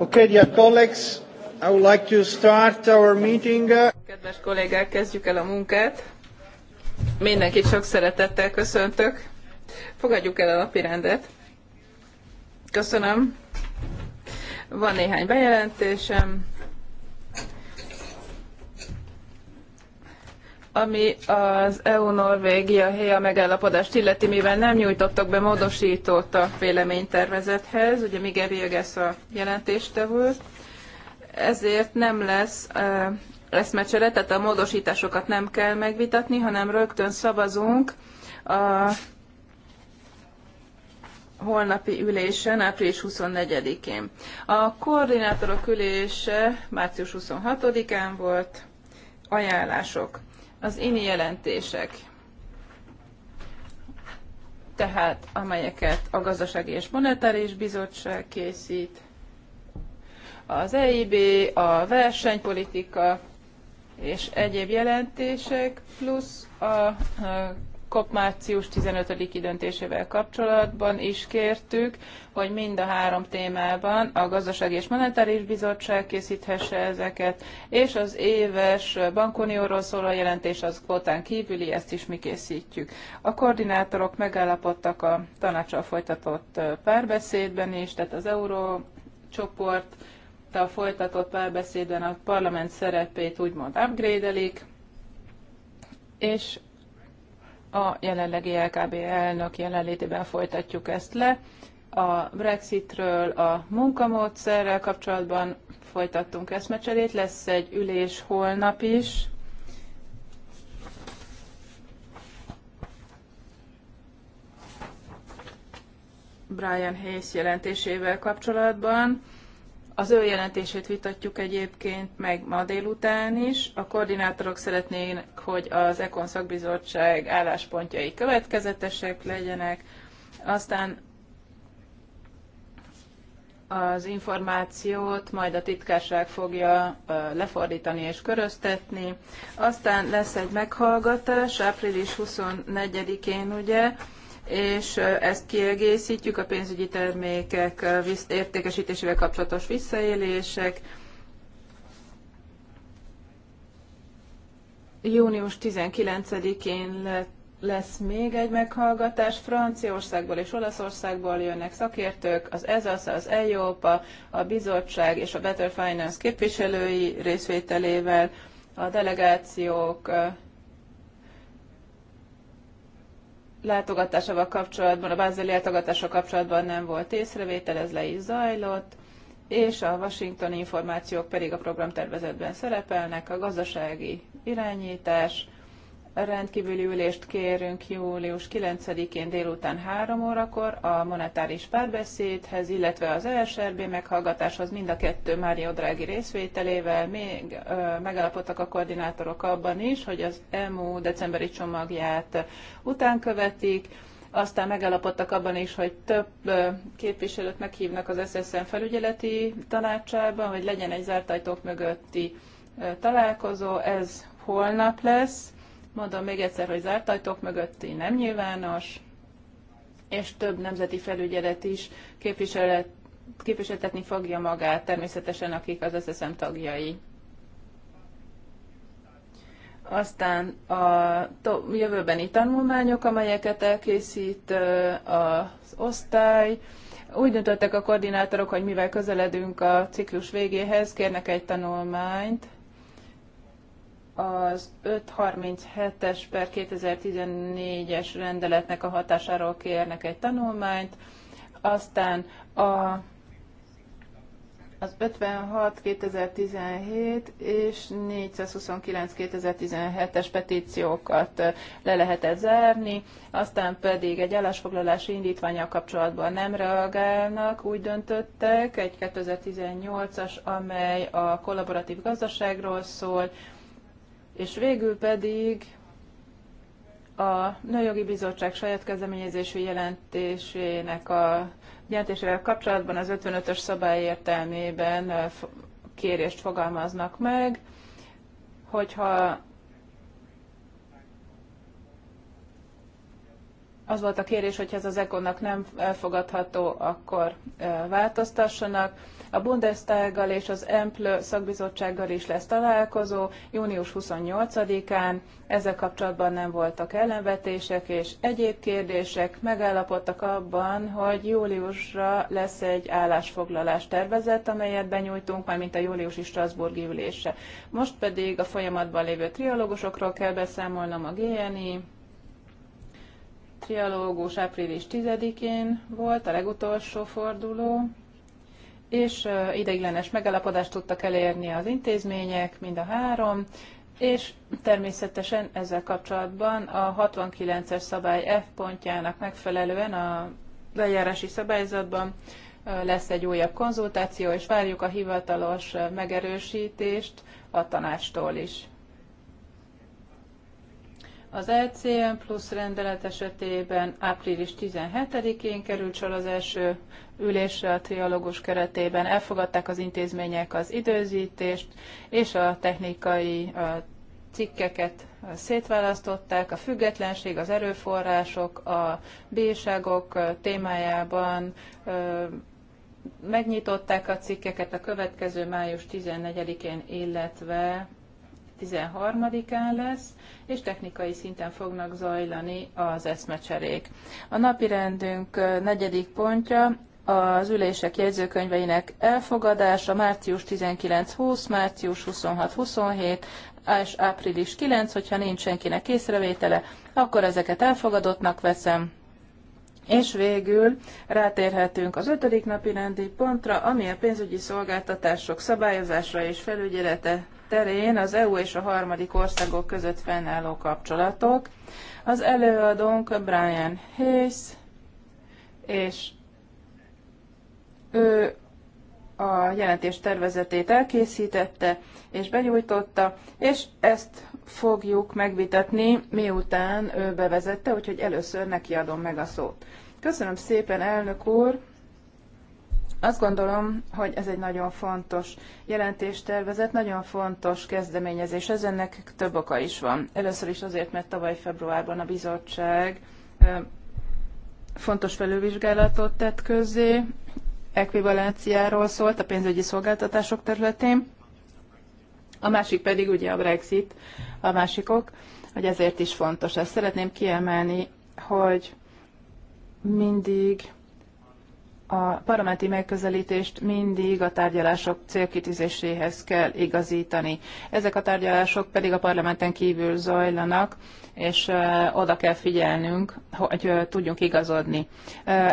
Okay, dear colleagues, I would like to start our meeting. Kedves kollégák, kezdjük el a munkát. Mindenkit sok szeretettel köszöntök. Fogadjuk el a napirendet. Köszönöm. Van néhány bejelentésem. Ami az EU-Norvégia-Héja megállapodást illeti, mivel nem nyújtottak be módosítót a véleménytervezethez, ugye Miguel Viegas a jelentéstevő, ezért nem lesz uh, eszmecsere, tehát a módosításokat nem kell megvitatni, hanem rögtön szavazunk a holnapi ülésen, április 24-én. A koordinátorok ülése március 26-án volt, ajánlások az INI jelentések, tehát amelyeket a Gazdasági és Monetáris Bizottság készít, az EIB, a versenypolitika és egyéb jelentések, plusz a COP március 15-i döntésével kapcsolatban is kértük, hogy mind a három témában a Gazdasági és Monetáris Bizottság készíthesse ezeket, és az éves bankunióról szóló jelentés az kvótán kívüli, ezt is mi készítjük. A koordinátorok megállapodtak a tanácsal folytatott párbeszédben is, tehát az Euró csoport a folytatott párbeszédben a parlament szerepét úgymond upgrade-elik, és a jelenlegi LKB elnök jelenlétében folytatjuk ezt le. A Brexitről, a munkamódszerrel kapcsolatban folytattunk eszmecserét, lesz egy ülés holnap is. Brian Hayes jelentésével kapcsolatban. Az ő jelentését vitatjuk egyébként meg ma délután is. A koordinátorok szeretnének, hogy az Ekon szakbizottság álláspontjai következetesek legyenek. Aztán az információt majd a titkárság fogja lefordítani és köröztetni. Aztán lesz egy meghallgatás április 24-én, ugye, és ezt kiegészítjük a pénzügyi termékek értékesítésével kapcsolatos visszaélések. Június 19-én lesz még egy meghallgatás. Franciaországból és Olaszországból jönnek szakértők, az EZASZ, az EIOPA, a bizottság és a Better Finance képviselői részvételével a delegációk látogatásával kapcsolatban, a bázeli látogatással kapcsolatban nem volt észrevétel, ez le is zajlott, és a Washingtoni információk pedig a programtervezetben szerepelnek, a gazdasági irányítás, Rendkívüli ülést kérünk július 9-én délután 3 órakor a monetáris párbeszédhez, illetve az ESRB meghallgatáshoz mind a kettő Mário Draghi részvételével. Még ö, megalapodtak a koordinátorok abban is, hogy az EMU decemberi csomagját után követik, aztán megalapodtak abban is, hogy több képviselőt meghívnak az SSM felügyeleti tanácsában, hogy legyen egy zárt ajtók mögötti találkozó, ez holnap lesz Mondom még egyszer, hogy zárt ajtók mögötti nem nyilvános, és több nemzeti felügyelet is képviselet, képviseltetni fogja magát, természetesen akik az SSM tagjai. Aztán a jövőbeni tanulmányok, amelyeket elkészít az osztály, úgy döntöttek a koordinátorok, hogy mivel közeledünk a ciklus végéhez, kérnek egy tanulmányt, az 537-es per 2014-es rendeletnek a hatásáról kérnek egy tanulmányt, aztán a, az 56 2017 és 429 2017-es petíciókat le lehetett zárni, aztán pedig egy állásfoglalási indítványjal kapcsolatban nem reagálnak, úgy döntöttek, egy 2018-as, amely a kollaboratív gazdaságról szól, és végül pedig a Nőjogi Bizottság saját kezdeményezésű jelentésének a jelentésével kapcsolatban az 55-ös szabály értelmében kérést fogalmaznak meg, hogyha az volt a kérés, hogy ez az ECO-nak nem elfogadható, akkor változtassanak. A Bundestaggal és az EMPL szakbizottsággal is lesz találkozó június 28-án. Ezzel kapcsolatban nem voltak ellenvetések és egyéb kérdések. Megállapodtak abban, hogy júliusra lesz egy állásfoglalás tervezet, amelyet benyújtunk, már mint a júliusi Strasburgi ülése. Most pedig a folyamatban lévő trialógusokról kell beszámolnom a GNI, trialógus április 10-én volt, a legutolsó forduló, és ideiglenes megállapodást tudtak elérni az intézmények, mind a három, és természetesen ezzel kapcsolatban a 69-es szabály F pontjának megfelelően a lejárási szabályzatban lesz egy újabb konzultáció, és várjuk a hivatalos megerősítést a tanástól is. Az ECM plusz rendelet esetében április 17-én került sor az első ülésre a trialógus keretében. Elfogadták az intézmények az időzítést és a technikai a cikkeket szétválasztották, a függetlenség, az erőforrások, a bírságok témájában megnyitották a cikkeket a következő május 14-én, illetve 13-án lesz, és technikai szinten fognak zajlani az eszmecserék. A napirendünk negyedik pontja az ülések jegyzőkönyveinek elfogadása március 19-20, március 26-27 és április 9, hogyha nincs senkinek észrevétele, akkor ezeket elfogadottnak veszem. És végül rátérhetünk az ötödik napi rendi pontra, ami a pénzügyi szolgáltatások szabályozásra és felügyelete terén az EU és a harmadik országok között fennálló kapcsolatok. Az előadónk Brian Hayes, és ő a jelentés tervezetét elkészítette és benyújtotta, és ezt fogjuk megvitatni, miután ő bevezette, úgyhogy először neki adom meg a szót. Köszönöm szépen, elnök úr! Azt gondolom, hogy ez egy nagyon fontos jelentéstervezet, nagyon fontos kezdeményezés. Ez ennek több oka is van. Először is azért, mert tavaly februárban a bizottság fontos felülvizsgálatot tett közzé, ekvivalenciáról szólt a pénzügyi szolgáltatások területén, a másik pedig ugye a Brexit, a másikok, hogy ezért is fontos. Ezt szeretném kiemelni, hogy mindig a parlamenti megközelítést mindig a tárgyalások célkitűzéséhez kell igazítani. Ezek a tárgyalások pedig a parlamenten kívül zajlanak, és oda kell figyelnünk, hogy tudjunk igazodni.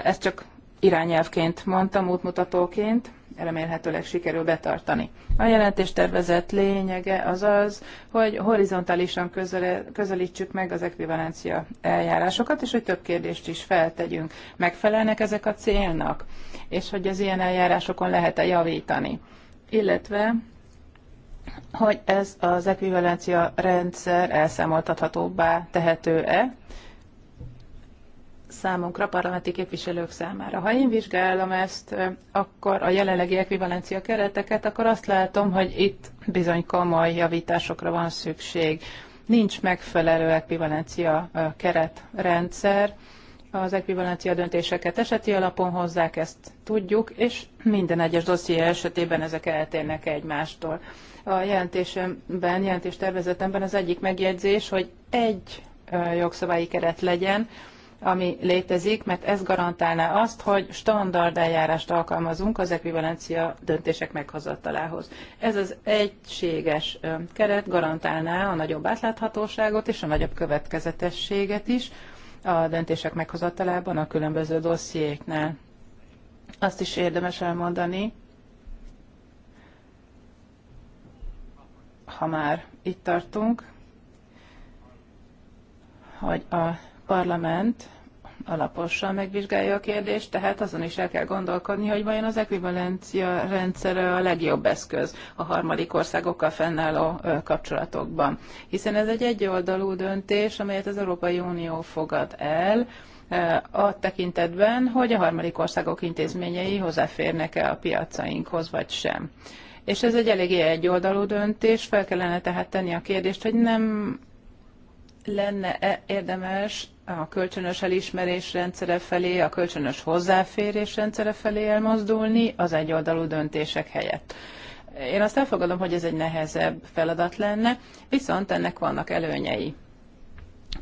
Ezt csak irányelvként mondtam, útmutatóként remélhetőleg sikerül betartani. A jelentéstervezet lényege az az, hogy horizontálisan közel, közelítsük meg az ekvivalencia eljárásokat, és hogy több kérdést is feltegyünk. Megfelelnek ezek a célnak? És hogy az ilyen eljárásokon lehet-e javítani? Illetve hogy ez az ekvivalencia rendszer elszámoltathatóbbá tehető-e, számunkra, parlamenti képviselők számára. Ha én vizsgálom ezt, akkor a jelenlegi ekvivalencia kereteket, akkor azt látom, hogy itt bizony komoly javításokra van szükség. Nincs megfelelő ekvivalencia keretrendszer, az ekvivalencia döntéseket eseti alapon hozzák, ezt tudjuk, és minden egyes dosszié esetében ezek eltérnek egymástól. A jelentésemben, jelentéstervezetemben az egyik megjegyzés, hogy egy jogszabályi keret legyen, ami létezik, mert ez garantálná azt, hogy standard eljárást alkalmazunk az ekvivalencia döntések meghozatalához. Ez az egységes keret garantálná a nagyobb átláthatóságot és a nagyobb következetességet is a döntések meghozatalában a különböző dossziéknál. Azt is érdemes elmondani, ha már itt tartunk, hogy a parlament alaposan megvizsgálja a kérdést, tehát azon is el kell gondolkodni, hogy vajon az ekvivalencia rendszer a legjobb eszköz a harmadik országokkal fennálló kapcsolatokban. Hiszen ez egy egyoldalú döntés, amelyet az Európai Unió fogad el, a tekintetben, hogy a harmadik országok intézményei hozzáférnek-e a piacainkhoz, vagy sem. És ez egy eléggé egyoldalú döntés, fel kellene tehát tenni a kérdést, hogy nem lenne-e érdemes a kölcsönös elismerés rendszere felé, a kölcsönös hozzáférés rendszere felé elmozdulni az egyoldalú döntések helyett. Én azt elfogadom, hogy ez egy nehezebb feladat lenne, viszont ennek vannak előnyei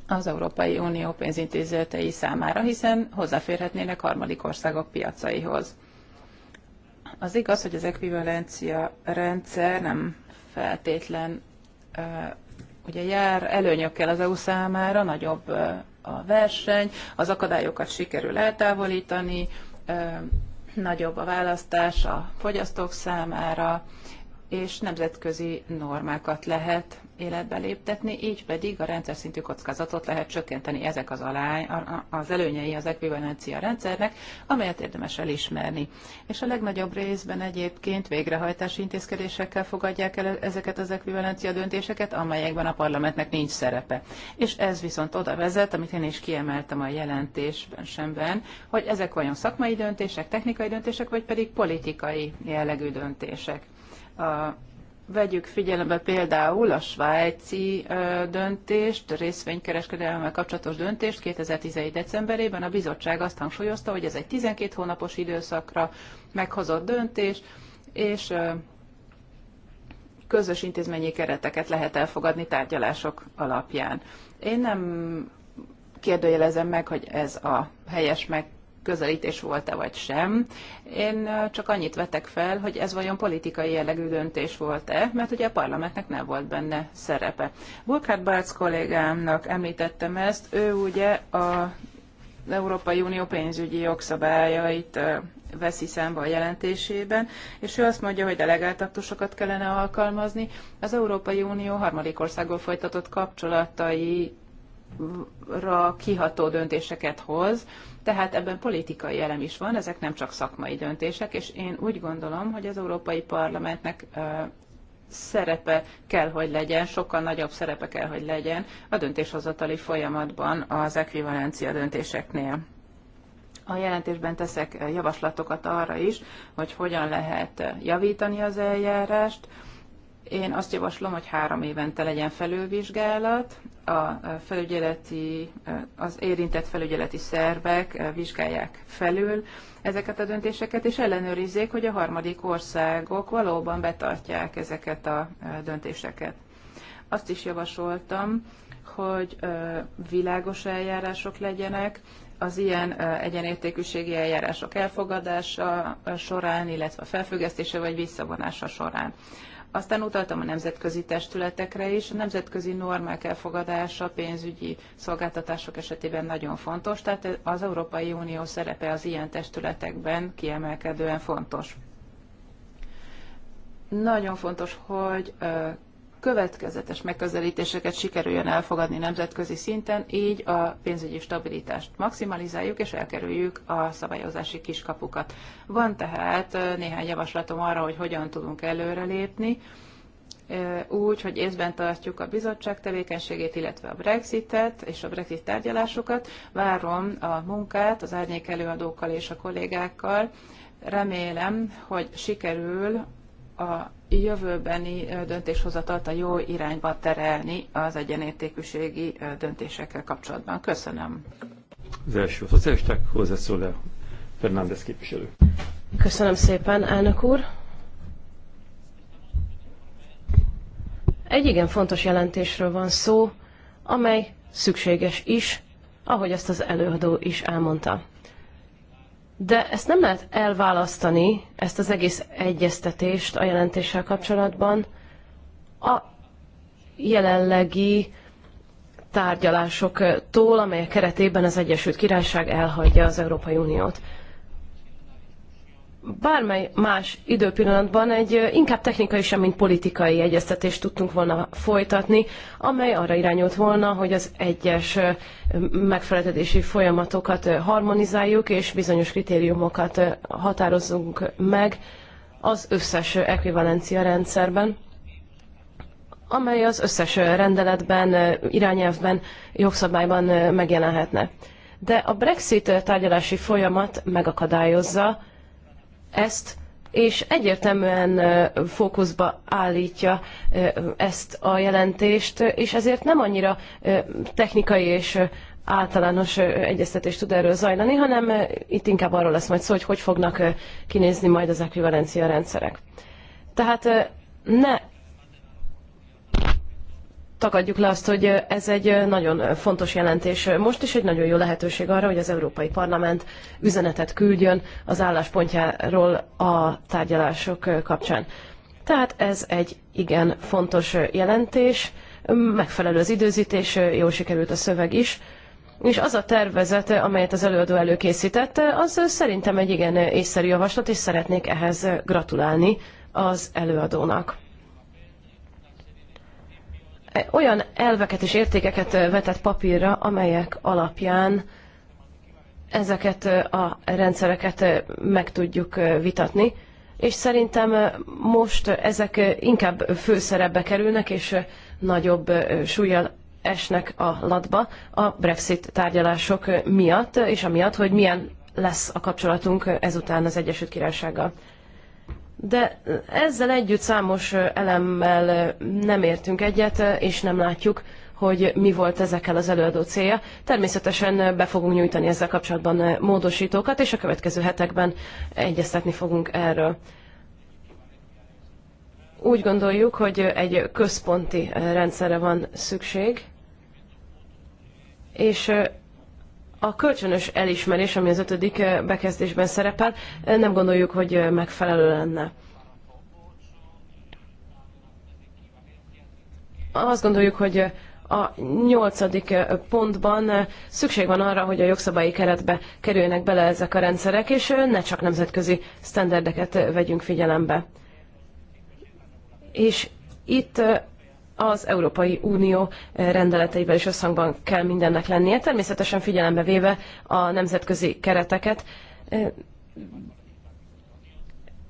az Európai Unió pénzintézetei számára, hiszen hozzáférhetnének harmadik országok piacaihoz. Az igaz, hogy az ekvivalencia rendszer nem feltétlen ugye jár előnyökkel az EU számára, nagyobb a verseny, az akadályokat sikerül eltávolítani, nagyobb a választás a fogyasztók számára, és nemzetközi normákat lehet életbe léptetni, így pedig a rendszer szintű kockázatot lehet csökkenteni. Ezek az, alány, az előnyei az ekvivalencia rendszernek, amelyet érdemes elismerni. És a legnagyobb részben egyébként végrehajtási intézkedésekkel fogadják el ezeket az ekvivalencia döntéseket, amelyekben a parlamentnek nincs szerepe. És ez viszont oda vezet, amit én is kiemeltem a jelentésben semben, hogy ezek vajon szakmai döntések, technikai döntések, vagy pedig politikai jellegű döntések. A vegyük figyelembe például a svájci döntést, részvénykereskedelemmel kapcsolatos döntést 2011. decemberében. A bizottság azt hangsúlyozta, hogy ez egy 12 hónapos időszakra meghozott döntés, és közös intézményi kereteket lehet elfogadni tárgyalások alapján. Én nem kérdőjelezem meg, hogy ez a helyes meg közelítés volt-e vagy sem. Én csak annyit vetek fel, hogy ez vajon politikai jellegű döntés volt-e, mert ugye a parlamentnek nem volt benne szerepe. Burkhard Barc kollégámnak említettem ezt, ő ugye a az Európai Unió pénzügyi jogszabályait veszi számba a jelentésében, és ő azt mondja, hogy delegált kellene alkalmazni. Az Európai Unió harmadik országból folytatott kapcsolatai kiható döntéseket hoz, tehát ebben politikai elem is van, ezek nem csak szakmai döntések, és én úgy gondolom, hogy az Európai Parlamentnek szerepe kell, hogy legyen, sokkal nagyobb szerepe kell, hogy legyen a döntéshozatali folyamatban az ekvivalencia döntéseknél. A jelentésben teszek javaslatokat arra is, hogy hogyan lehet javítani az eljárást, én azt javaslom, hogy három évente legyen felülvizsgálat, a eh, felügyeleti, eh, az érintett felügyeleti szervek eh, vizsgálják felül ezeket a döntéseket, és ellenőrizzék, hogy a harmadik országok valóban betartják ezeket a döntéseket. Azt is javasoltam, hogy világos eljárások legyenek, az ilyen egyenértékűségi eljárások elfogadása során, illetve a felfüggesztése vagy visszavonása során. Aztán utaltam a nemzetközi testületekre is. A nemzetközi normák elfogadása pénzügyi szolgáltatások esetében nagyon fontos, tehát az Európai Unió szerepe az ilyen testületekben kiemelkedően fontos. Nagyon fontos, hogy következetes megközelítéseket sikerüljön elfogadni nemzetközi szinten, így a pénzügyi stabilitást maximalizáljuk és elkerüljük a szabályozási kiskapukat. Van tehát néhány javaslatom arra, hogy hogyan tudunk előrelépni úgy, hogy észben tartjuk a bizottság tevékenységét, illetve a Brexitet és a Brexit tárgyalásokat. Várom a munkát az árnyék előadókkal és a kollégákkal. Remélem, hogy sikerül a jövőbeni döntéshozatalt a jó irányba terelni az egyenértékűségi döntésekkel kapcsolatban. Köszönöm. Az első szociálisták hozzászól-e Fernández képviselő. Köszönöm szépen, elnök úr. Egy igen fontos jelentésről van szó, amely szükséges is, ahogy ezt az előadó is elmondta de ezt nem lehet elválasztani, ezt az egész egyeztetést a jelentéssel kapcsolatban a jelenlegi tárgyalásoktól, amelyek keretében az Egyesült Királyság elhagyja az Európai Uniót bármely más időpillanatban egy inkább technikai, sem mint politikai egyeztetést tudtunk volna folytatni, amely arra irányult volna, hogy az egyes megfeleltetési folyamatokat harmonizáljuk, és bizonyos kritériumokat határozzunk meg az összes ekvivalencia rendszerben amely az összes rendeletben, irányelvben, jogszabályban megjelenhetne. De a Brexit tárgyalási folyamat megakadályozza, ezt, és egyértelműen fókuszba állítja ezt a jelentést, és ezért nem annyira technikai és általános egyeztetés tud erről zajlani, hanem itt inkább arról lesz majd szó, hogy hogy fognak kinézni majd az ekvivalencia rendszerek. Tehát ne tagadjuk le azt, hogy ez egy nagyon fontos jelentés. Most is egy nagyon jó lehetőség arra, hogy az Európai Parlament üzenetet küldjön az álláspontjáról a tárgyalások kapcsán. Tehát ez egy igen fontos jelentés, megfelelő az időzítés, jól sikerült a szöveg is. És az a tervezet, amelyet az előadó előkészített, az szerintem egy igen észszerű javaslat, és szeretnék ehhez gratulálni az előadónak olyan elveket és értékeket vetett papírra, amelyek alapján ezeket a rendszereket meg tudjuk vitatni, és szerintem most ezek inkább főszerepbe kerülnek, és nagyobb súlyjal esnek a latba a Brexit tárgyalások miatt, és amiatt, hogy milyen lesz a kapcsolatunk ezután az Egyesült Királysággal. De ezzel együtt számos elemmel nem értünk egyet, és nem látjuk, hogy mi volt ezekkel az előadó célja. Természetesen be fogunk nyújtani ezzel kapcsolatban módosítókat, és a következő hetekben egyeztetni fogunk erről. Úgy gondoljuk, hogy egy központi rendszerre van szükség, és a kölcsönös elismerés, ami az ötödik eh, bekezdésben szerepel, eh, nem gondoljuk, hogy eh, megfelelő lenne. Azt gondoljuk, hogy a nyolcadik pontban szükség van arra, hogy a jogszabályi keretbe kerüljenek bele ezek a rendszerek, és ne csak nemzetközi sztenderdeket vegyünk figyelembe. És itt az Európai Unió eh, rendeleteivel is összhangban kell mindennek lennie, természetesen figyelembe véve a nemzetközi kereteket. Eh,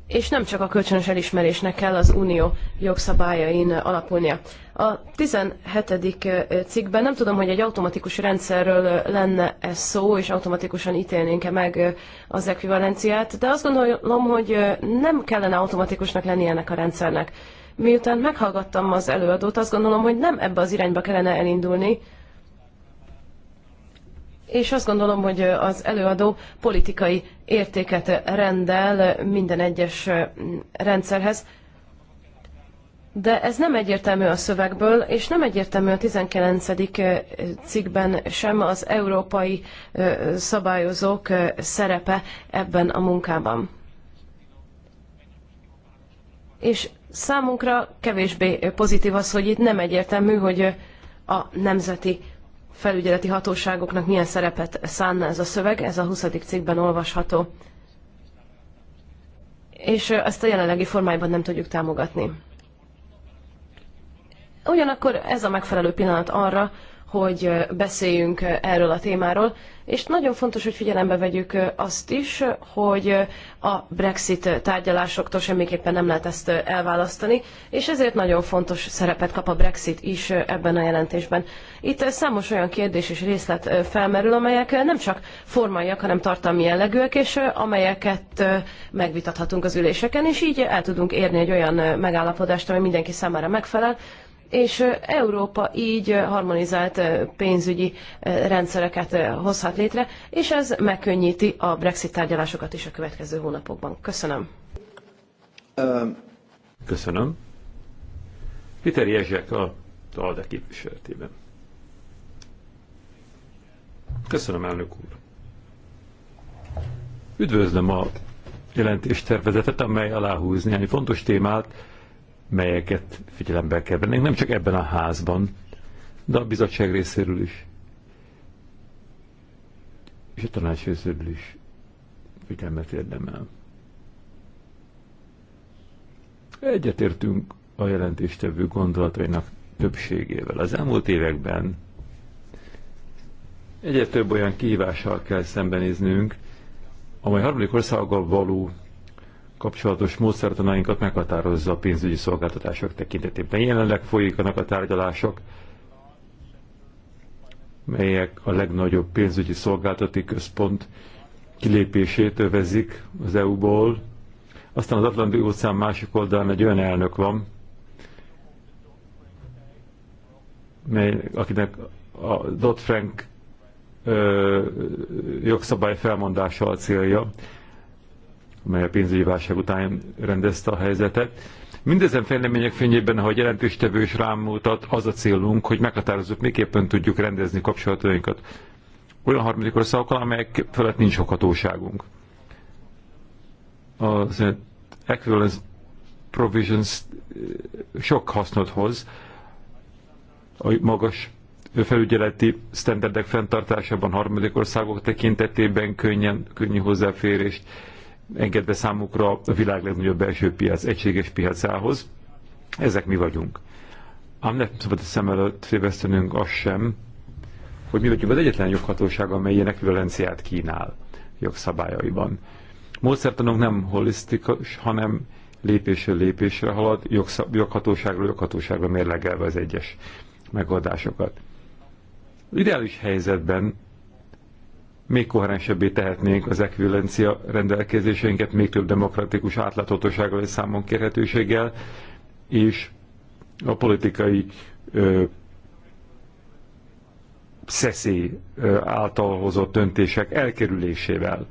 és nem csak a kölcsönös elismerésnek kell az unió jogszabályain alapulnia. A 17. Eh, cikkben nem tudom, hogy egy automatikus rendszerről lenne ez szó, és automatikusan ítélnénk-e meg az ekvivalenciát, de azt gondolom, hogy nem kellene automatikusnak lennie ennek a rendszernek Miután meghallgattam az előadót, azt gondolom, hogy nem ebbe az irányba kellene elindulni, és azt gondolom, hogy az előadó politikai értéket rendel minden egyes rendszerhez, de ez nem egyértelmű a szövegből, és nem egyértelmű a 19. cikkben sem az európai szabályozók szerepe ebben a munkában. És Számunkra kevésbé pozitív az, hogy itt nem egyértelmű, hogy a nemzeti felügyeleti hatóságoknak milyen szerepet szánna ez a szöveg, ez a 20. cikkben olvasható. És ezt a jelenlegi formájban nem tudjuk támogatni. Ugyanakkor ez a megfelelő pillanat arra, hogy beszéljünk erről a témáról, és nagyon fontos, hogy figyelembe vegyük azt is, hogy a Brexit tárgyalásoktól semmiképpen nem lehet ezt elválasztani, és ezért nagyon fontos szerepet kap a Brexit is ebben a jelentésben. Itt számos olyan kérdés és részlet felmerül, amelyek nem csak formaiak, hanem tartalmi jellegűek, és amelyeket megvitathatunk az üléseken, és így el tudunk érni egy olyan megállapodást, ami mindenki számára megfelel, és Európa így harmonizált pénzügyi rendszereket hozhat létre, és ez megkönnyíti a Brexit tárgyalásokat is a következő hónapokban. Köszönöm. Köszönöm. Peter Jezsek a TALDE képviseletében. Köszönöm, elnök úr. Üdvözlöm a jelentéstervezetet, amely aláhúz néhány fontos témát, melyeket figyelembe kell vennünk, nem csak ebben a házban, de a bizottság részéről is, és a tanács részéről is figyelmet érdemel. Egyetértünk a jelentéstevő gondolatainak többségével. Az elmúlt években egyre több olyan kihívással kell szembenéznünk, amely harmadik országgal való kapcsolatos módszertanáinkat meghatározza a pénzügyi szolgáltatások tekintetében. Jelenleg folyikanak a tárgyalások, melyek a legnagyobb pénzügyi szolgáltati központ kilépését övezik az EU-ból. Aztán az Atlanti óceán másik oldalán egy olyan elnök van, mely, akinek a Dodd-Frank jogszabály felmondása a célja, mely a pénzügyi válság után rendezte a helyzetet. Mindezen fejlemények fényében, ahogy jelentőstevő is mutat, az a célunk, hogy meghatározzuk, miképpen tudjuk rendezni kapcsolatainkat olyan harmadik országokkal, amelyek felett nincs hatóságunk. Az equivalence provisions eh, sok hasznot hoz a magas felügyeleti standardek fenntartásában harmadik országok tekintetében könnyen, könnyű hozzáférést engedve számukra a világ legnagyobb belső piac, egységes piacához. Ezek mi vagyunk. Ám nem szabad a szem előtt tévesztenünk azt sem, hogy mi vagyunk az egyetlen joghatóság, amely ilyen ekvivalenciát kínál jogszabályaiban. Módszertanunk nem holisztikus, hanem lépésről lépésre halad, jogszab, joghatóságról joghatóságra mérlegelve az egyes megoldásokat. Ideális helyzetben még koherensebbé tehetnénk az ekvivalencia rendelkezéseinket, még több demokratikus átláthatósággal és számon kérhetőséggel, és a politikai ö, szeszély által hozott döntések elkerülésével.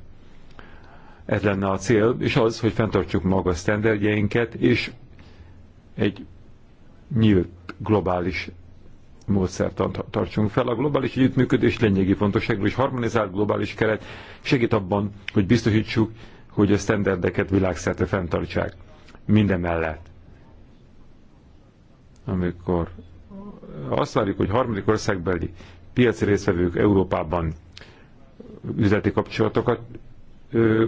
Ez lenne a cél, és az, hogy fenntartsuk maga a sztenderdjeinket, és egy nyílt globális módszert tartsunk fel. A globális együttműködés lényegi fontosságú és harmonizált globális keret segít abban, hogy biztosítsuk, hogy a sztenderdeket világszerte fenntartsák. Minden mellett. Amikor azt várjuk, hogy harmadik országbeli piaci részvevők Európában üzleti kapcsolatokat ö,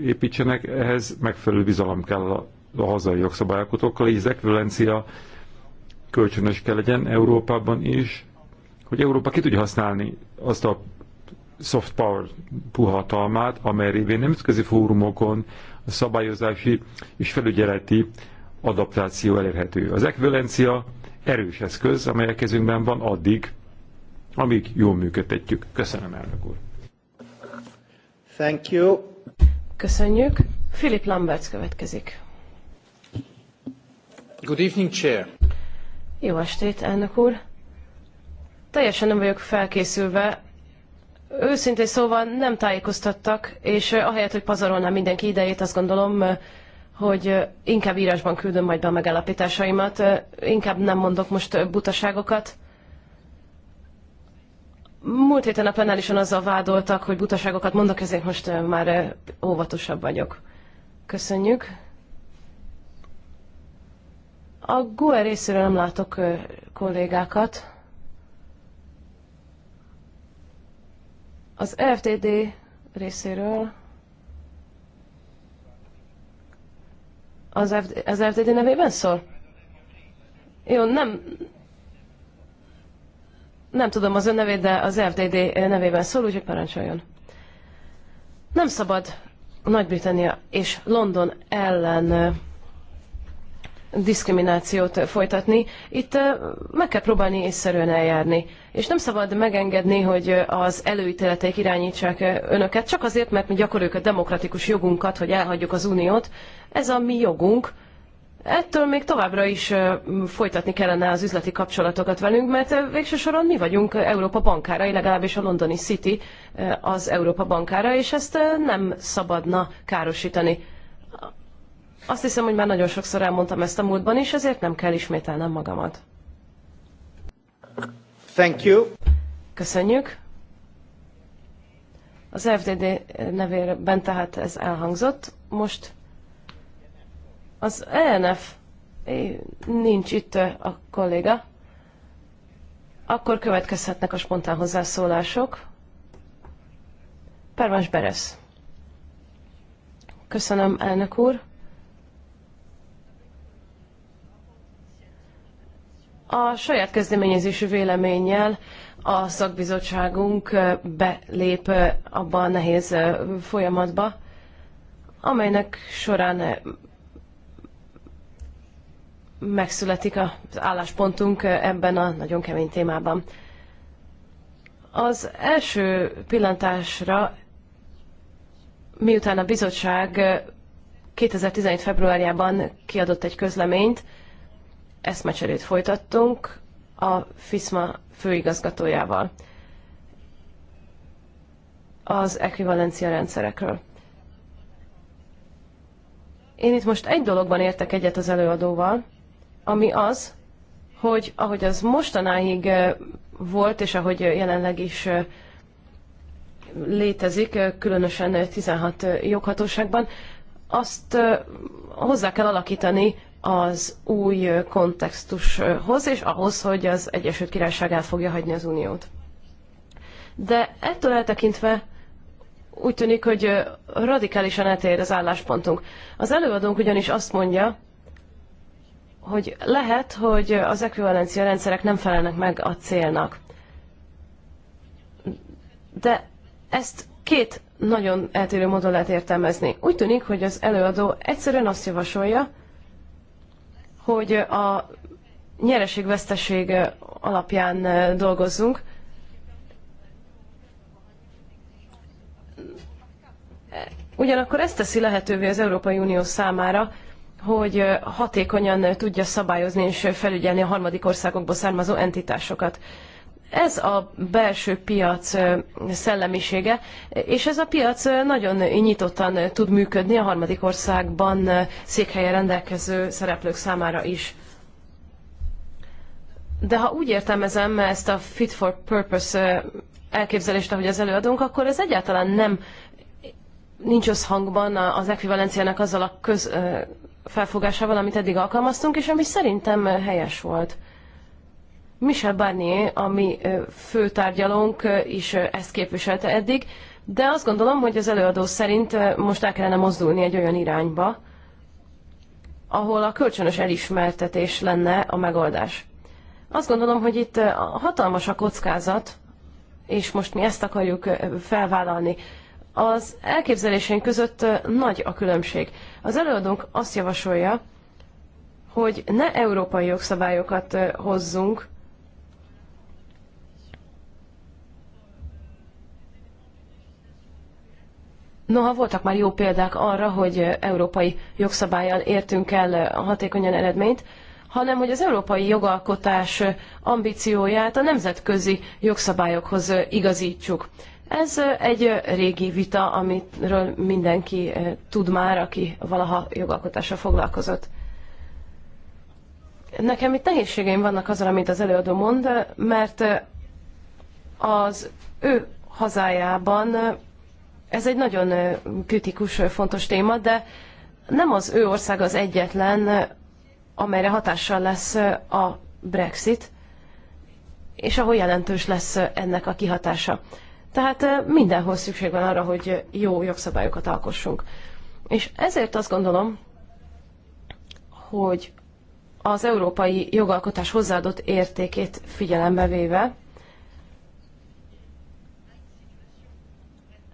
építsenek, ehhez megfelelő bizalom kell a, a hazai jogszabályalkotókkal, így az ekvivalencia kölcsönös kell legyen Európában is, hogy Európa ki tudja használni azt a soft power puhatalmát, amely révén nemzetközi fórumokon a szabályozási és felügyeleti adaptáció elérhető. Az ekvivalencia erős eszköz, amely a kezünkben van addig, amíg jól működtetjük. Köszönöm, elnök úr. Thank you. Köszönjük. Philip Lambert következik. Good evening, Chair. Jó estét, elnök úr. Teljesen nem vagyok felkészülve. Őszintén szóval nem tájékoztattak, és ahelyett, hogy pazarolnám mindenki idejét, azt gondolom, hogy inkább írásban küldöm majd be a megállapításaimat, inkább nem mondok most butaságokat. Múlt héten a plenárison azzal vádoltak, hogy butaságokat mondok, ezért most már óvatosabb vagyok. Köszönjük. A GUE részéről nem látok kollégákat. Az FTD részéről az, FD, az FTD nevében szól? Jó, nem, nem tudom az ön nevét, de az FTD nevében szól, úgyhogy parancsoljon. Nem szabad Nagy-Britannia és London ellen diszkriminációt folytatni. Itt meg kell próbálni észszerűen eljárni. És nem szabad megengedni, hogy az előítéleteik irányítsák önöket, csak azért, mert mi gyakoroljuk a demokratikus jogunkat, hogy elhagyjuk az uniót. Ez a mi jogunk. Ettől még továbbra is folytatni kellene az üzleti kapcsolatokat velünk, mert végső soron mi vagyunk Európa bankára, legalábbis a londoni City az Európa bankára, és ezt nem szabadna károsítani. Azt hiszem, hogy már nagyon sokszor elmondtam ezt a múltban is, ezért nem kell ismételnem magamat. Thank you. Köszönjük. Az FDD nevében tehát ez elhangzott. Most az ENF nincs itt a kolléga. Akkor következhetnek a spontán hozzászólások. Pervas Beres. Köszönöm, elnök úr. A saját kezdeményezésű véleménnyel a szakbizottságunk belép abba a nehéz folyamatba, amelynek során megszületik az álláspontunk ebben a nagyon kemény témában. Az első pillantásra, miután a bizottság 2017. februárjában kiadott egy közleményt, eszmecserét folytattunk a FISMA főigazgatójával az ekvivalencia rendszerekről. Én itt most egy dologban értek egyet az előadóval, ami az, hogy ahogy az mostanáig volt, és ahogy jelenleg is létezik, különösen 16 joghatóságban, azt hozzá kell alakítani az új kontextushoz, és ahhoz, hogy az Egyesült Királyság el fogja hagyni az Uniót. De ettől eltekintve úgy tűnik, hogy radikálisan eltér az álláspontunk. Az előadónk ugyanis azt mondja, hogy lehet, hogy az ekvivalencia rendszerek nem felelnek meg a célnak. De ezt két nagyon eltérő módon lehet értelmezni. Úgy tűnik, hogy az előadó egyszerűen azt javasolja, hogy a nyereség-veszteség alapján dolgozzunk. Ugyanakkor ezt teszi lehetővé az Európai Unió számára, hogy hatékonyan tudja szabályozni és felügyelni a harmadik országokból származó entitásokat. Ez a belső piac szellemisége, és ez a piac nagyon nyitottan tud működni a harmadik országban székhelye rendelkező szereplők számára is. De ha úgy értelmezem ezt a fit for purpose elképzelést, ahogy az előadunk, akkor ez egyáltalán nem nincs összhangban az ekvivalenciának azzal a köz felfogásával, amit eddig alkalmaztunk, és ami szerintem helyes volt. Michel Barnier, mi főtárgyalónk is ezt képviselte eddig, de azt gondolom, hogy az előadó szerint most el kellene mozdulni egy olyan irányba, ahol a kölcsönös elismertetés lenne a megoldás. Azt gondolom, hogy itt hatalmas a kockázat, és most mi ezt akarjuk felvállalni. Az elképzeléseink között nagy a különbség. Az előadónk azt javasolja, hogy ne európai jogszabályokat hozzunk, Noha voltak már jó példák arra, hogy európai jogszabályal értünk el hatékonyan eredményt, hanem hogy az európai jogalkotás ambícióját a nemzetközi jogszabályokhoz igazítsuk. Ez egy régi vita, amiről mindenki eh, tud már, aki valaha jogalkotással foglalkozott. Nekem itt nehézségeim vannak azzal, amit az előadó mond, mert az ő hazájában ez egy nagyon kritikus, fontos téma, de nem az ő ország az egyetlen, amelyre hatással lesz a Brexit, és ahol jelentős lesz ennek a kihatása. Tehát mindenhol szükség van arra, hogy jó jogszabályokat alkossunk. És ezért azt gondolom, hogy az európai jogalkotás hozzáadott értékét figyelembe véve,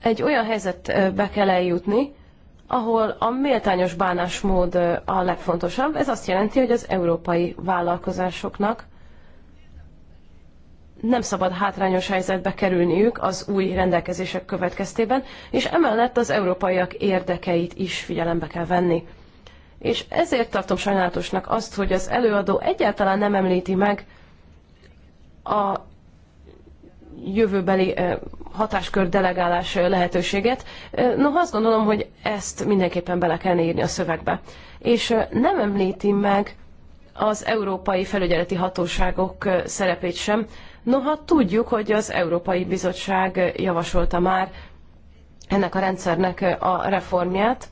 egy olyan helyzetbe kell eljutni, ahol a méltányos bánásmód a legfontosabb. Ez azt jelenti, hogy az európai vállalkozásoknak nem szabad hátrányos helyzetbe kerülniük az új rendelkezések következtében, és emellett az európaiak érdekeit is figyelembe kell venni. És ezért tartom sajnálatosnak azt, hogy az előadó egyáltalán nem említi meg a jövőbeli hatáskör delegálás lehetőséget. Noha azt gondolom, hogy ezt mindenképpen bele kell írni a szövegbe. És nem említi meg az európai felügyeleti hatóságok szerepét sem. Noha tudjuk, hogy az Európai Bizottság javasolta már ennek a rendszernek a reformját,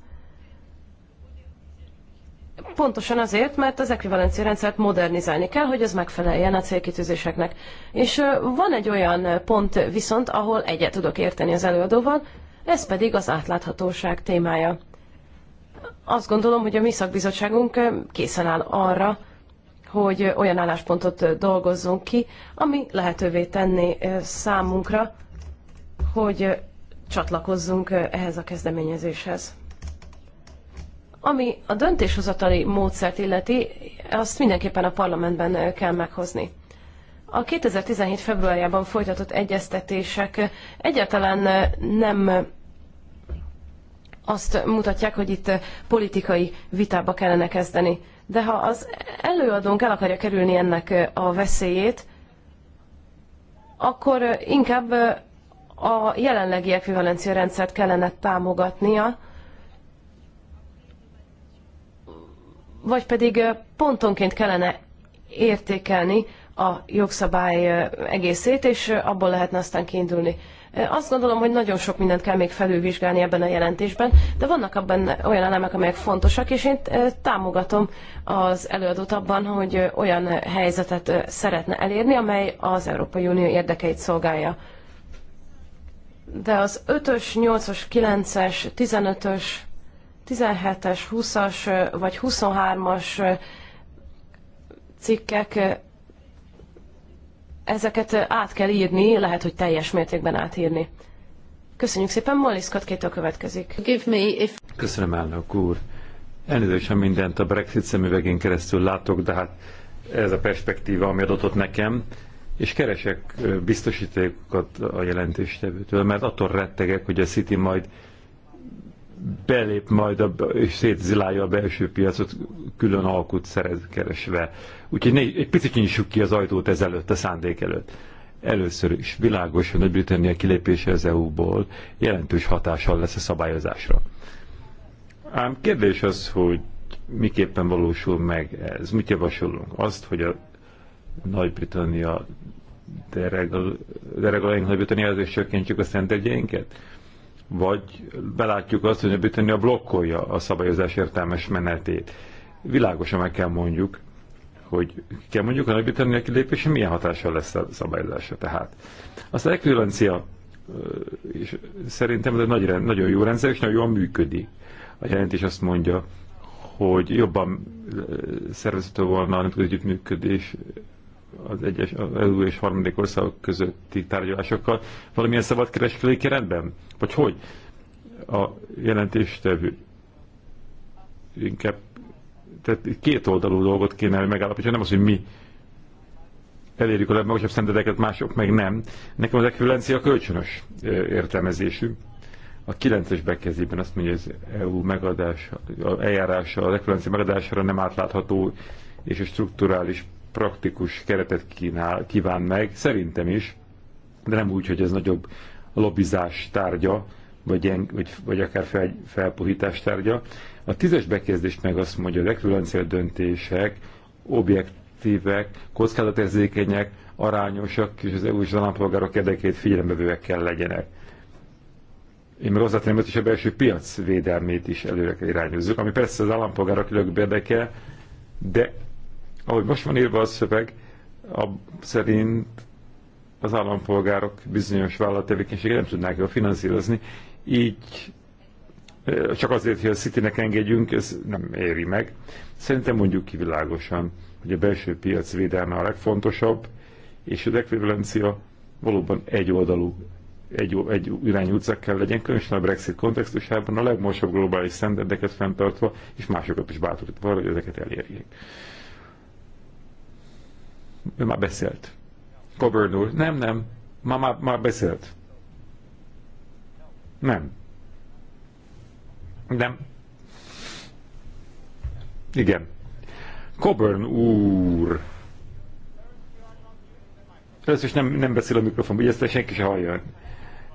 Pontosan azért, mert az ekvivalencia rendszert modernizálni kell, hogy ez megfeleljen a célkitűzéseknek. És van egy olyan pont viszont, ahol egyet tudok érteni az előadóval, ez pedig az átláthatóság témája. Azt gondolom, hogy a mi szakbizottságunk készen áll arra, hogy olyan álláspontot dolgozzunk ki, ami lehetővé tenni számunkra, hogy csatlakozzunk ehhez a kezdeményezéshez. Ami a döntéshozatali módszert illeti, azt mindenképpen a parlamentben kell meghozni. A 2017. februárjában folytatott egyeztetések egyáltalán nem azt mutatják, hogy itt politikai vitába kellene kezdeni. De ha az előadónk el akarja kerülni ennek a veszélyét, akkor inkább a jelenlegi ekvivalencia rendszert kellene támogatnia, vagy pedig pontonként kellene értékelni a jogszabály egészét, és abból lehetne aztán kiindulni. Azt gondolom, hogy nagyon sok mindent kell még felülvizsgálni ebben a jelentésben, de vannak abban olyan elemek, amelyek fontosak, és én támogatom az előadót abban, hogy olyan helyzetet szeretne elérni, amely az Európai Unió érdekeit szolgálja. De az 5-ös, 8-os, 9-es, 15-ös, 17-es, 20-as vagy 23-as cikkek, ezeket át kell írni, lehet, hogy teljes mértékben átírni. Köszönjük szépen, Molly Scott következik. Give me if... Köszönöm, elnök úr. Elnézést, ha mindent a Brexit szemüvegén keresztül látok, de hát ez a perspektíva, ami adott nekem, és keresek biztosítékokat a jelentéstevőtől, mert attól rettegek, hogy a City majd belép majd a, és szétzilálja a belső piacot külön alkut szerez, keresve. Úgyhogy ne, egy picit nyissuk ki az ajtót ezelőtt, a szándék előtt. Először is világos, hogy Nagy-Britannia kilépése az EU-ból jelentős hatással lesz a szabályozásra. Ám kérdés az, hogy miképpen valósul meg ez. Mit javasolunk? Azt, hogy a Nagy-Britannia deregalaink nagy britannia azért csökkentjük a szentegyeinket? vagy belátjuk azt, hogy a Britannia blokkolja a szabályozás értelmes menetét. Világosan meg kell mondjuk, hogy kell mondjuk a Nagy-Britannia kilépése milyen hatással lesz a szabályozása tehát. Az ekvivalencia és szerintem ez egy nagy, nagyon jó rendszer, és nagyon jól működik. A jelentés azt mondja, hogy jobban szervezhető volna a nemzetközi együttműködés az egyes az EU és harmadik országok közötti tárgyalásokkal valamilyen szabadkereskedelmi rendben? Vagy hogy? A jelentéstevő inkább tehát két oldalú dolgot kéne megállapítani, nem az, hogy mi elérjük a legmagasabb szentedeket, mások meg nem. Nekem az ekvivalencia kölcsönös értelmezésű. A 9-es bekezdében azt mondja, hogy az EU megadása, eljárása, az ekvivalencia megadására nem átlátható és a strukturális praktikus keretet kínál, kíván meg, szerintem is, de nem úgy, hogy ez nagyobb lobbizás tárgya, vagy, ilyen, vagy, vagy akár fel, felpuhítás tárgya. A tízes bekezdés meg azt mondja, hogy a rekvülencia döntések objektívek, kockázatérzékenyek, arányosak, és az EU-s állampolgárok érdekét figyelembevőek kell legyenek. Én meg hozzátenném, hogy a belső piac védelmét is előre kell irányozzuk, ami persze az állampolgárok érdeke, de ahogy most van írva a szöveg, a, szerint az állampolgárok bizonyos vállalatevékenységet nem tudnák jól finanszírozni, így csak azért, hogy a Citynek engedjünk, ez nem éri meg. Szerintem mondjuk világosan, hogy a belső piac védelme a legfontosabb, és az ekvivalencia valóban egy oldalú, egy, egy irányú utca kell legyen, különösen a Brexit kontextusában a legmorsabb globális szenderdeket fenntartva, és másokat is bátorítva hogy ezeket elérjék ő már beszélt. Coburn úr, nem, nem, már, már, már beszélt. Nem. Nem. Igen. Coburn úr. Először is nem, nem beszél a mikrofonba, ugye ezt senki se hallja.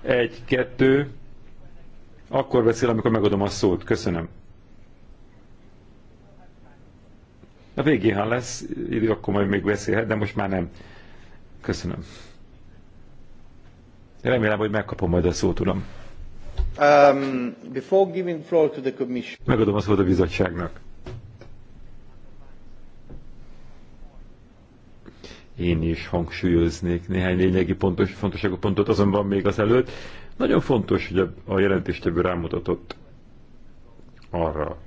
Egy, kettő. Akkor beszél, amikor megadom a szót. Köszönöm. A végén, ha lesz idő, akkor majd még beszélhet, de most már nem. Köszönöm. Remélem, hogy megkapom majd a szót, uram. Um, before giving floor to the commission. Megadom a szót a bizottságnak. Én is hangsúlyoznék néhány lényegi pontos, fontosságú pontot, azonban még az előtt. Nagyon fontos, hogy a, a jelentéstevő rámutatott arra,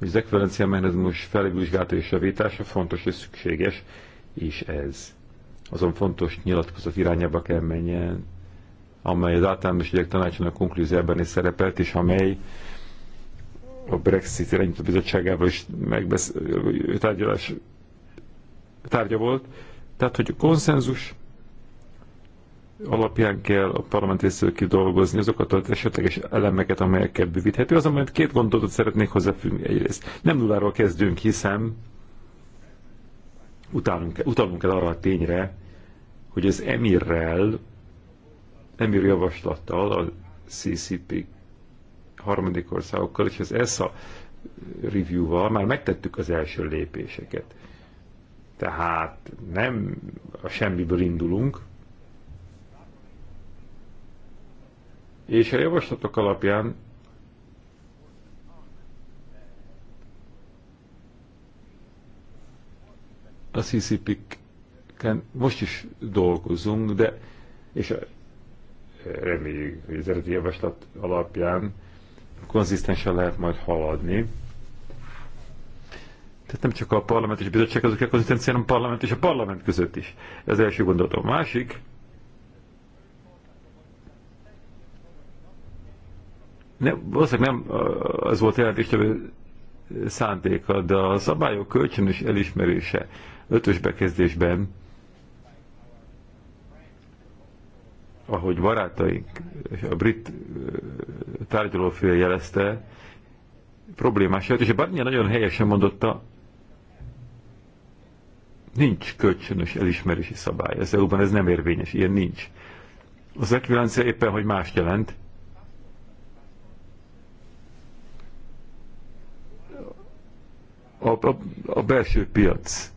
hogy az ekvivalencia mechanizmus felvizsgálata és javítása fontos és szükséges, és ez azon fontos nyilatkozat irányába kell menjen, amely az általános ügyek tanácsának konklúziában is szerepelt, és amely a Brexit irányító bizottságával is megbesz, tárgyalás tárgya volt. Tehát, hogy a konszenzus alapján kell a parlament részéről kidolgozni azokat az esetleges elemeket, amelyekkel bővíthető. Azonban két gondolatot szeretnék hozzáfűzni egyrészt. Nem nulláról kezdünk, hiszen utálunk, utalunk el arra a tényre, hogy az emirrel, emir javaslattal a CCP harmadik országokkal és az ESA review-val már megtettük az első lépéseket. Tehát nem a semmiből indulunk, és a javaslatok alapján a ccp most is dolgozunk, de és reméljük, hogy az eredeti javaslat alapján konzisztensen lehet majd haladni. Tehát nem csak a parlament és a bizottság azok a konzisztencia, hanem a parlament és a parlament között is. Ez első gondolatom. A másik, nem, valószínűleg nem az volt jelentéstevő szándéka, de a szabályok kölcsönös elismerése ötös bekezdésben, ahogy barátaink, a brit tárgyalófél jelezte, problémás jelent, és Barnier nagyon helyesen mondotta, nincs kölcsönös elismerési szabály. Az EU-ban ez nem érvényes, ilyen nincs. Az ekvivalencia éppen, hogy más jelent, a, a, a belső piac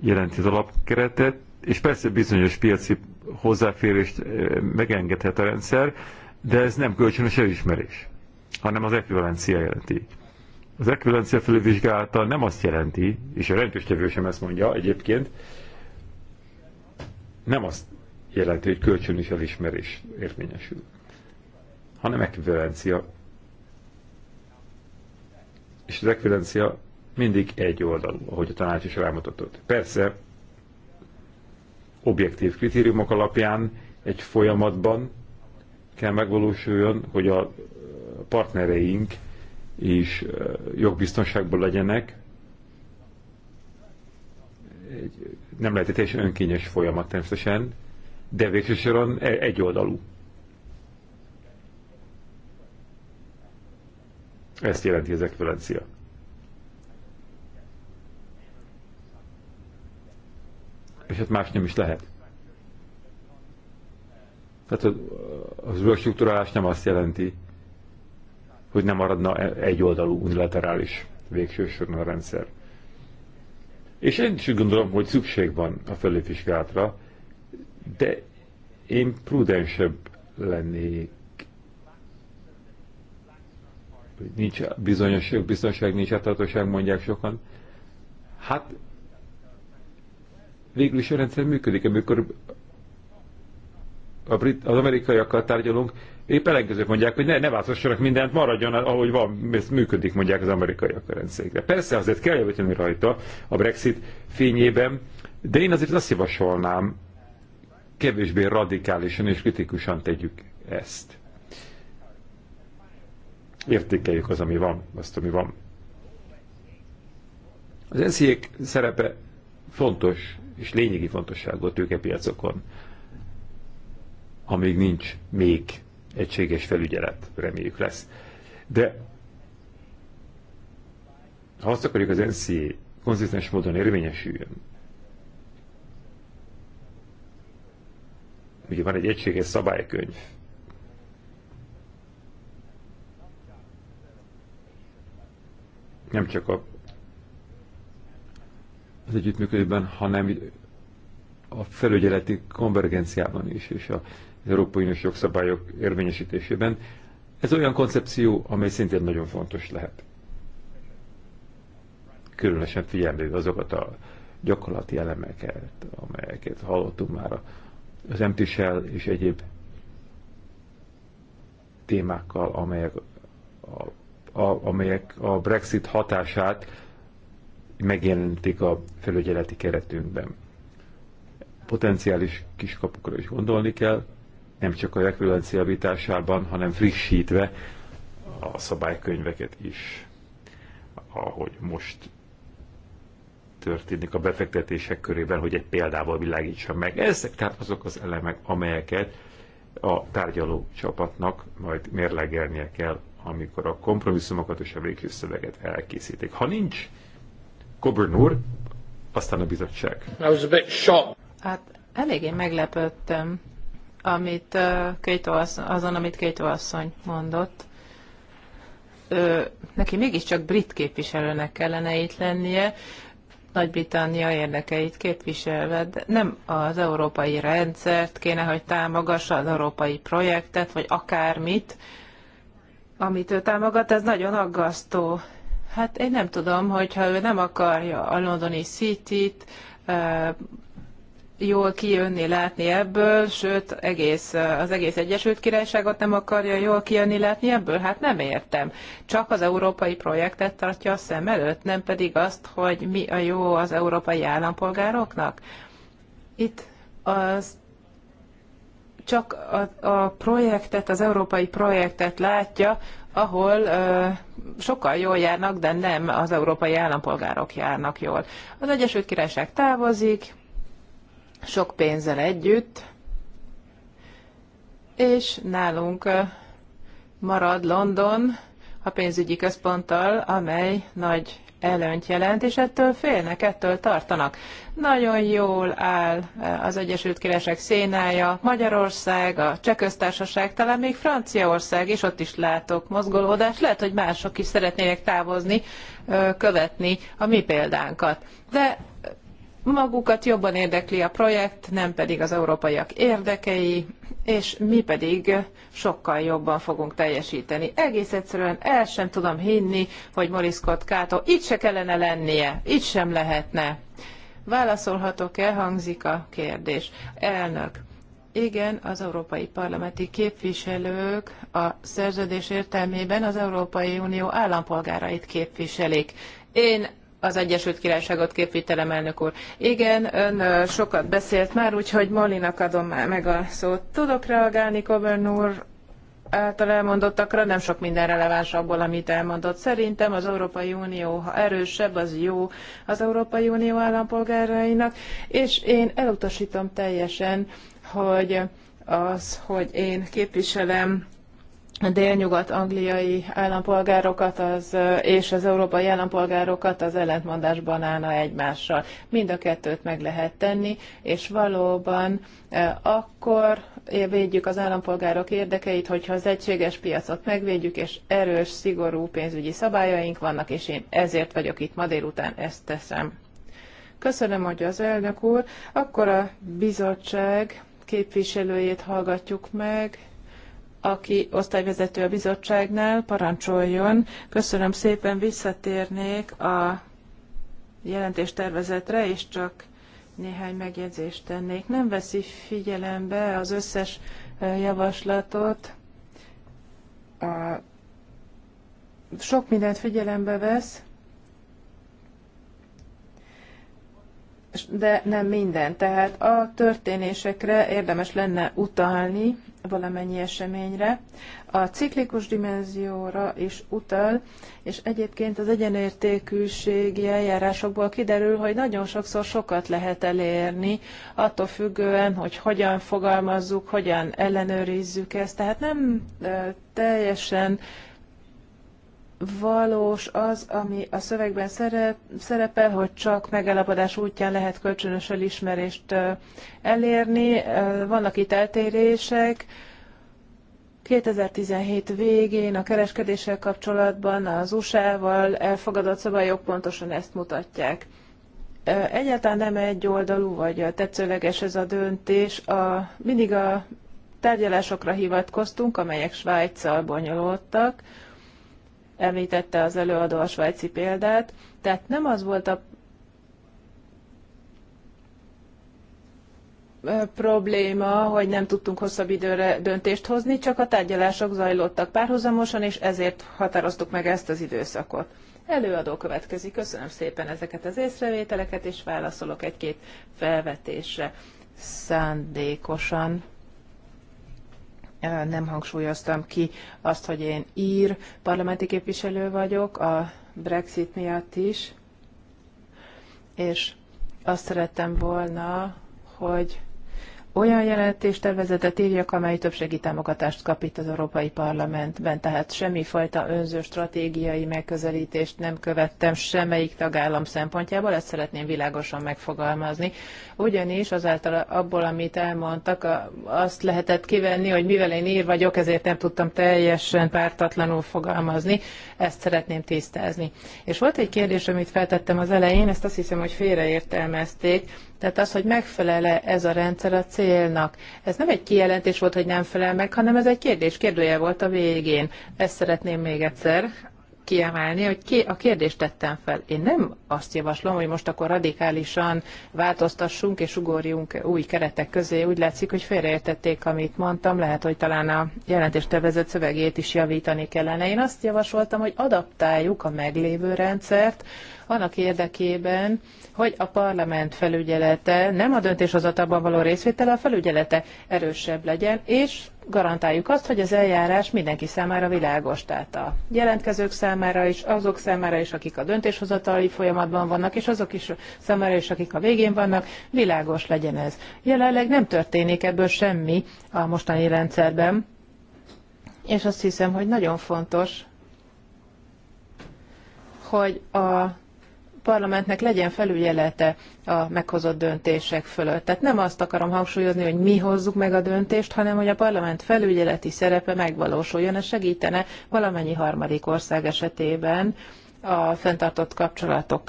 jelenti az alapkeretet, és persze bizonyos piaci hozzáférést eh, megengedhet a rendszer, de ez nem kölcsönös elismerés, hanem az ekvivalencia jelenti. Az ekvivalencia felülvizsgálata nem azt jelenti, és a rendőrtevő sem ezt mondja egyébként, nem azt jelenti, hogy kölcsönös elismerés érvényesül, hanem ekvivalencia. És az ekvivalencia mindig egy oldalú, ahogy a tanács is rámutatott. Persze, objektív kritériumok alapján egy folyamatban kell megvalósuljon, hogy a partnereink is jogbiztonságban legyenek. Egy, nem lehet egy teljesen önkényes folyamat természetesen, de végső soron e, egyoldalú. Ezt jelenti az ekvivalencia. és hát más nem is lehet. Tehát az, az nem azt jelenti, hogy nem maradna e, egyoldalú unilaterális végső a rendszer. És én is gondolom, hogy szükség van a felépvizsgálatra, de én prudensebb lennék. Nincs bizonyosság, biztonság, nincs átláthatóság, mondják sokan. Hát végül is a rendszer működik, amikor a brit, az amerikaiakkal tárgyalunk, épp ellenkezők mondják, hogy ne, ne változtassanak mindent, maradjon, ahogy van, ez működik, mondják az amerikaiak a rendszerre. Persze azért kell javítani rajta a Brexit fényében, de én azért azt javasolnám, kevésbé radikálisan és kritikusan tegyük ezt. Értékeljük az, ami van, azt, ami van. Az NCA szerepe fontos és lényegi fontosságú a tőkepiacokon, amíg nincs még egységes felügyelet, reméljük lesz. De ha azt akarjuk az NCA konzisztens módon érvényesüljön, ugye van egy egységes szabálykönyv, nem csak a az együttműködésben, hanem a felügyeleti konvergenciában is, és az Európai Uniós jogszabályok érvényesítésében. Ez olyan koncepció, amely szintén nagyon fontos lehet. Különösen figyelni azokat a gyakorlati elemeket, amelyeket hallottunk már az empty és egyéb témákkal, amelyek a, a, amelyek a Brexit hatását megjelentik a felügyeleti keretünkben. Potenciális kiskapukra is gondolni kell, nem csak a rekvülencia hanem frissítve a szabálykönyveket is, ahogy most történik a befektetések körében, hogy egy példával világítsam meg. Ezek tehát azok az elemek, amelyeket a tárgyaló csapatnak majd mérlegelnie kell, amikor a kompromisszumokat és a végső szöveget elkészítik. Ha nincs Coburn úr, aztán a bizottság. I was a bit shocked. Hát eléggé meglepődtem amit uh, Keito asszony, azon, amit Keito asszony mondott. Ö, neki mégiscsak brit képviselőnek kellene itt lennie, nagy-Britannia érdekeit képviselve, de nem az európai rendszert kéne, hogy támogassa az európai projektet, vagy akármit, amit ő támogat, ez nagyon aggasztó Hát én nem tudom, hogyha ő nem akarja a londoni City-t jól kijönni, látni ebből, sőt egész, az egész Egyesült Királyságot nem akarja jól kijönni, látni ebből? Hát nem értem. Csak az európai projektet tartja a szem előtt, nem pedig azt, hogy mi a jó az európai állampolgároknak. Itt az csak a, a projektet, az európai projektet látja, ahol ö, sokkal jól járnak, de nem az európai állampolgárok járnak jól. Az Egyesült Királyság távozik, sok pénzzel együtt, és nálunk marad London a pénzügyi központtal, amely nagy előnyt jelent, és ettől félnek, ettől tartanak. Nagyon jól áll e, az Egyesült Királyság szénája, Magyarország, a Csehköztársaság, talán még Franciaország, és ott is látok mozgolódást. Lehet, hogy mások is szeretnének távozni, követni a mi példánkat. De magukat jobban érdekli a projekt, nem pedig az európaiak érdekei, és mi pedig sokkal jobban fogunk teljesíteni. Egész egyszerűen el sem tudom hinni, hogy Morris Scott Cato itt se kellene lennie, itt sem lehetne. Válaszolhatok-e, hangzik a kérdés. Elnök, igen, az európai parlamenti képviselők a szerződés értelmében az Európai Unió állampolgárait képviselik. Én az Egyesült Királyságot képvitelem, elnök úr. Igen, ön sokat beszélt már, úgyhogy Molinak adom meg a szót. Tudok reagálni, Coburn úr, által elmondottakra nem sok minden releváns abból, amit elmondott. Szerintem az Európai Unió, ha erősebb, az jó az Európai Unió állampolgárainak, és én elutasítom teljesen, hogy az, hogy én képviselem délnyugat-angliai állampolgárokat az, és az európai állampolgárokat az ellentmondásban állna egymással. Mind a kettőt meg lehet tenni, és valóban akkor védjük az állampolgárok érdekeit, hogyha az egységes piacot megvédjük, és erős, szigorú pénzügyi szabályaink vannak, és én ezért vagyok itt ma délután, ezt teszem. Köszönöm, hogy az elnök úr. Akkor a bizottság képviselőjét hallgatjuk meg aki osztályvezető a bizottságnál, parancsoljon. Köszönöm szépen, visszatérnék a jelentéstervezetre, és csak néhány megjegyzést tennék. Nem veszi figyelembe az összes javaslatot. A sok mindent figyelembe vesz, de nem minden. Tehát a történésekre érdemes lenne utalni valamennyi eseményre. A ciklikus dimenzióra is utal, és egyébként az egyenértékűségi eljárásokból kiderül, hogy nagyon sokszor sokat lehet elérni, attól függően, hogy hogyan fogalmazzuk, hogyan ellenőrizzük ezt. Tehát nem teljesen valós az, ami a szövegben szerepel, hogy csak megállapodás útján lehet kölcsönös elismerést elérni. Vannak itt eltérések. 2017 végén a kereskedéssel kapcsolatban az USA-val elfogadott szabályok pontosan ezt mutatják. Egyáltalán nem egy oldalú vagy tetszőleges ez a döntés. A, mindig a tárgyalásokra hivatkoztunk, amelyek Svájccal bonyolódtak, említette az előadó a svájci példát, tehát nem az volt a probléma, hogy nem tudtunk hosszabb időre döntést hozni, csak a tárgyalások zajlottak párhuzamosan, és ezért határoztuk meg ezt az időszakot. Előadó következik. Köszönöm szépen ezeket az észrevételeket, és válaszolok egy-két felvetésre szándékosan nem hangsúlyoztam ki azt, hogy én ír parlamenti képviselő vagyok, a Brexit miatt is, és azt szerettem volna, hogy olyan jelentéstervezetet írjak, amely többségi támogatást kap itt az Európai Parlamentben, tehát semmifajta önző stratégiai megközelítést nem követtem semmelyik tagállam szempontjából, ezt szeretném világosan megfogalmazni. Ugyanis azáltal abból, amit elmondtak, azt lehetett kivenni, hogy mivel én ír vagyok, ezért nem tudtam teljesen pártatlanul fogalmazni, ezt szeretném tisztázni. És volt egy kérdés, amit feltettem az elején, ezt azt hiszem, hogy félreértelmezték, tehát az, hogy megfelele ez a rendszer a cél célnak. Ez nem egy kijelentés volt, hogy nem felel meg, hanem ez egy kérdés, kérdője volt a végén. Ezt szeretném még egyszer kiemelni, hogy ki a kérdést tettem fel. Én nem azt javaslom, hogy most akkor radikálisan változtassunk és ugorjunk új keretek közé. Úgy látszik, hogy félreértették, amit mondtam. Lehet, hogy talán a jelentéstervezet szövegét is javítani kellene. Én azt javasoltam, hogy adaptáljuk a meglévő rendszert annak érdekében, hogy a parlament felügyelete, nem a döntéshozatalban való részvétele, a felügyelete erősebb legyen, és garantáljuk azt, hogy az eljárás mindenki számára világos, tehát a jelentkezők számára is, azok számára is, akik a döntéshozatali folyamatban vannak, és azok is számára is, akik a végén vannak, világos legyen ez. Jelenleg nem történik ebből semmi a mostani rendszerben, és azt hiszem, hogy nagyon fontos, hogy a parlamentnek legyen felügyelete a meghozott döntések fölött. Tehát nem azt akarom hangsúlyozni, hogy mi hozzuk meg a döntést, hanem hogy a parlament felügyeleti szerepe megvalósuljon, és segítene valamennyi harmadik ország esetében a fenntartott kapcsolatok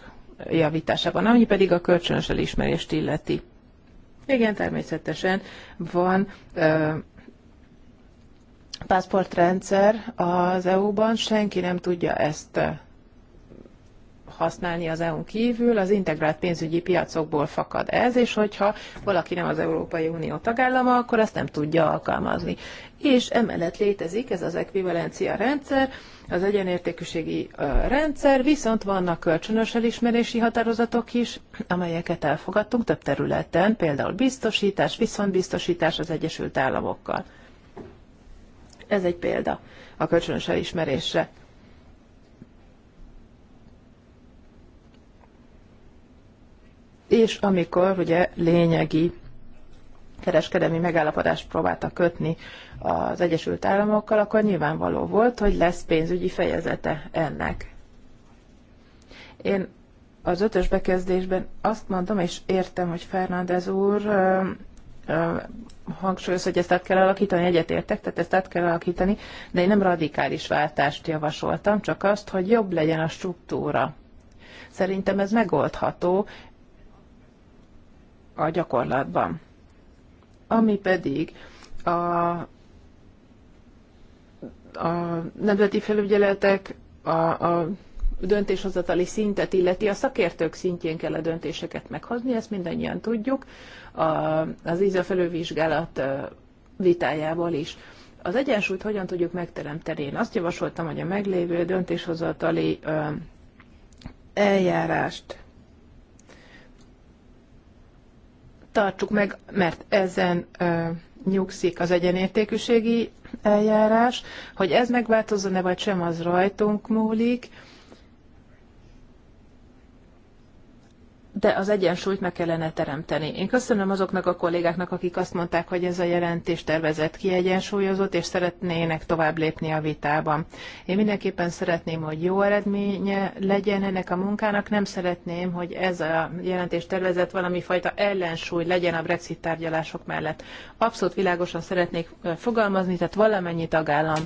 javításában, ami pedig a kölcsönös elismerést illeti. Igen, természetesen van ö, pászportrendszer az EU-ban, senki nem tudja ezt használni az EU-n kívül, az integrált pénzügyi piacokból fakad ez, és hogyha valaki nem az Európai Unió tagállama, akkor ezt nem tudja alkalmazni. És emellett létezik ez az ekvivalencia rendszer, az egyenértékűségi rendszer, viszont vannak kölcsönös elismerési határozatok is, amelyeket elfogadtunk több területen, például biztosítás, viszontbiztosítás az Egyesült Államokkal. Ez egy példa a kölcsönös elismerésre. és amikor ugye lényegi kereskedelmi megállapodást próbáltak kötni az Egyesült Államokkal, akkor nyilvánvaló volt, hogy lesz pénzügyi fejezete ennek. Én az ötös bekezdésben azt mondom, és értem, hogy Fernández úr hangsúlyoz, hogy ezt át kell alakítani, egyetértek, tehát ezt át kell alakítani, de én nem radikális váltást javasoltam, csak azt, hogy jobb legyen a struktúra. Szerintem ez megoldható, a gyakorlatban. Ami pedig a, a nemzeti felügyeletek, a, a döntéshozatali szintet illeti, a szakértők szintjén kell a döntéseket meghozni, ezt mindannyian tudjuk, a, az a felülvizsgálat vitájából is. Az egyensúlyt hogyan tudjuk megteremteni? Én azt javasoltam, hogy a meglévő döntéshozatali eljárást tartsuk meg, mert ezen ö, nyugszik az egyenértékűségi eljárás, hogy ez megváltozzon-e vagy sem, az rajtunk múlik, de az egyensúlyt meg kellene teremteni. Én köszönöm azoknak a kollégáknak, akik azt mondták, hogy ez a jelentés tervezett kiegyensúlyozott, és szeretnének tovább lépni a vitában. Én mindenképpen szeretném, hogy jó eredménye legyen ennek a munkának, nem szeretném, hogy ez a jelentés tervezett valami fajta ellensúly legyen a Brexit tárgyalások mellett. Abszolút világosan szeretnék fogalmazni, tehát valamennyi tagállam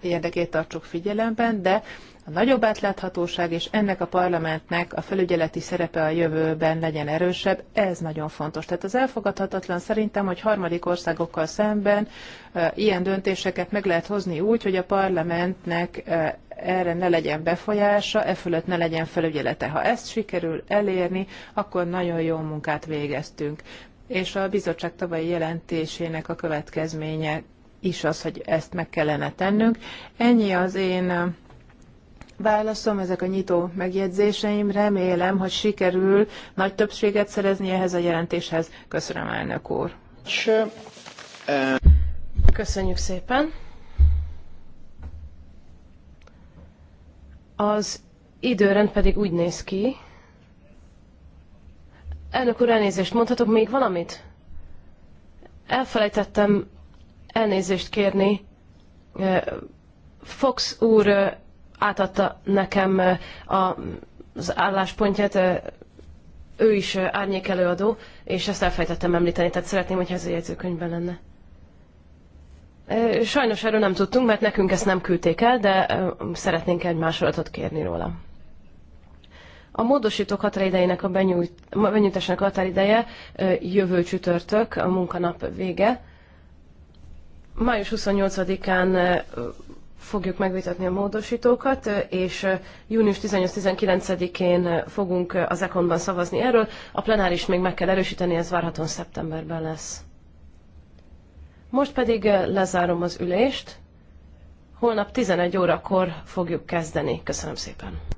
érdekét tartsuk figyelemben, de a nagyobb átláthatóság és ennek a parlamentnek a felügyeleti szerepe a jövőben legyen erősebb, ez nagyon fontos. Tehát az elfogadhatatlan szerintem, hogy harmadik országokkal szemben ilyen döntéseket meg lehet hozni úgy, hogy a parlamentnek erre ne legyen befolyása, e fölött ne legyen felügyelete. Ha ezt sikerül elérni, akkor nagyon jó munkát végeztünk. És a bizottság tavalyi jelentésének a következménye is az, hogy ezt meg kellene tennünk. Ennyi az én válaszom, ezek a nyitó megjegyzéseim. Remélem, hogy sikerül nagy többséget szerezni ehhez a jelentéshez. Köszönöm, elnök úr. Köszönjük szépen. Az időrend pedig úgy néz ki. Elnök úr, elnézést, mondhatok még valamit? Elfelejtettem elnézést kérni. Eh, Fox úr eh, átadta nekem az álláspontját, ő is árnyékelőadó, és ezt elfejtettem említeni, tehát szeretném, hogyha ez a jegyzőkönyvben lenne. Sajnos erről nem tudtunk, mert nekünk ezt nem küldték el, de szeretnénk egy másolatot kérni róla. A módosítók határidejének a benyújt, benyújtásnak határideje jövő csütörtök, a munkanap vége. Május 28-án fogjuk megvitatni a módosítókat, és június 18-19-én fogunk az Ekonban szavazni erről. A plenáris még meg kell erősíteni, ez várhatóan szeptemberben lesz. Most pedig lezárom az ülést. Holnap 11 órakor fogjuk kezdeni. Köszönöm szépen!